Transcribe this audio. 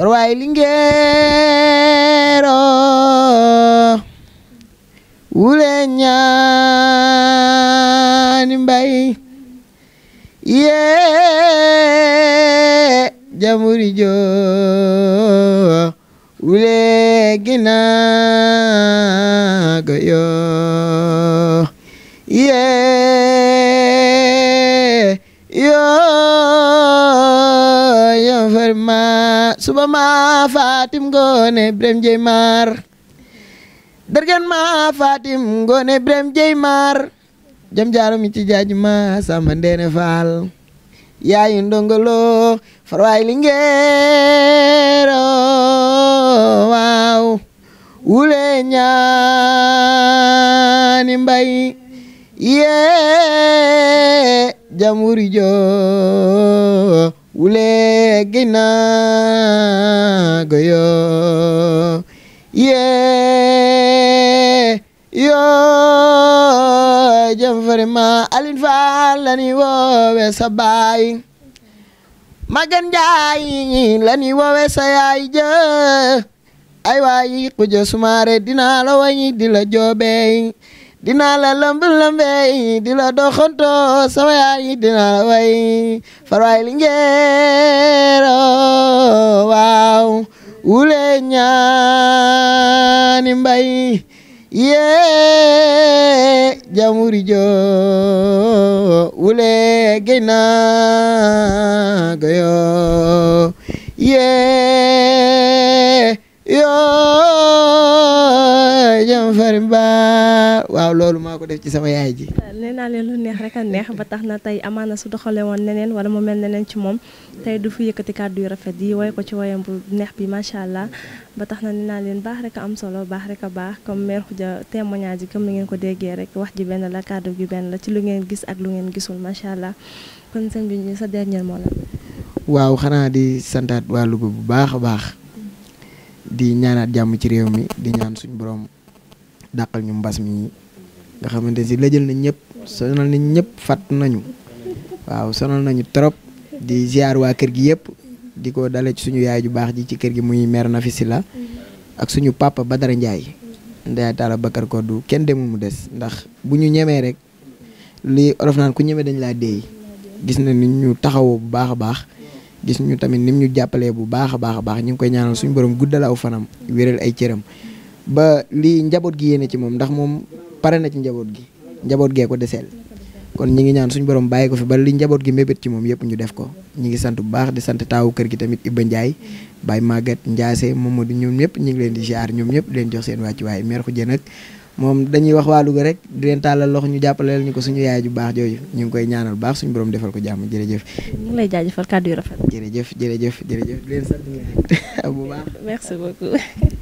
far waay lingeer oo wuleen ñaani mbay yee joo wulee ginaago yoo yee yoo suba ma fatim gone brem jaimar dergen ma fatim gone brem jaimar jam jarum ci jaaji ma sama ndene fal yaay ndongolo farway lingero wow, wule ñaani mbay ye jamuri jo wuleegi naago yoo yee yoo jëm vraiment Alioune Fall la ñuy woowee sa baay Maguette Ndiaye la ñuy woowee sa yaay jë ay waay ku jë sumaare dinaa la wañi di la joobee dinaa la lëmb lëmbee dina la doxantoo sama yaay dinaa la way farwaay li ngeero oh, waaw yee jamuri jo wule gëy naa yee waaw loolu maa ko def ci sama yaay ji. nee naa leen lu neex rek a neex ba tax na tey amaana su doxalee woon neneen wala mu mel neneen ci moom tey du fi yëkkati kàddu yu rafet yi woy ko ci woyam bu neex bi macha allah ba tax na nee naa leen baax rek a am solo baax rek a baax comme mère Khoudia témoignage yi comme ni ngeen ko déggee rek wax ji benn la kàddu gi benn la ci lu ngeen gis ak lu ngeen gisul macha allah kon sëñ bi sa dernier mot la. waaw xanaa di santaat waa Louga bu baax a baax di ñaanaat jàmm ci réew mi di ñaan suñu borom. dàqal ñu mbas mi nga xamante si lëjël nañ ñëpp sonal nañ ñëpp fàtt nañu waaw sonal nañu trop di ziar waa kër gi yëpp di ko dale ci suñu yaay bu baax ji ci kër gi muy na mère si la ak suñu papa Badara Ndiaye Ndiaye Talla Bakar Koddu kenn demul mu des ndax bu ñu ñemee rek li olof naan ku ñeme dañ laa deey gis na nit ñu taxawoo bu baax a baax gis ñu tamit nim ñu jàppalee bu baax a baax a baax ñu ngi koy ñaanal suñu borom guddal aw fanam wéral ay cëram ba li njabot gi yene ci mom ndax mom paré na ci njabot gi njabot ge ko deseel kon ñi ngi ñaan suñu borom bayiko fi ba li njabot gi mebet ci mom yépp ñu def ko ñi ngi sant bu baax di sant taawu kër gi tamit ibba Ndiaye Baye magat Ndiassé momodou ñoom ñëpp ñi ngi leen di ziar ñoom ñëpp leen jox seen waccu way mer ko Khoudia nak mom dañuy wax walu Louga rek di leen talal loxo ñu jappalel ñuko suñu yaay ju baax jooju ñu ngi koy ñaanal baax suñu borom defal ko jamm jàmm jërëjëf. ñi ngi lay jaajëfal kàddu yu rafet. jërëjëf jërëjëf jërëjëf di leen sant bu baax merci beaucoup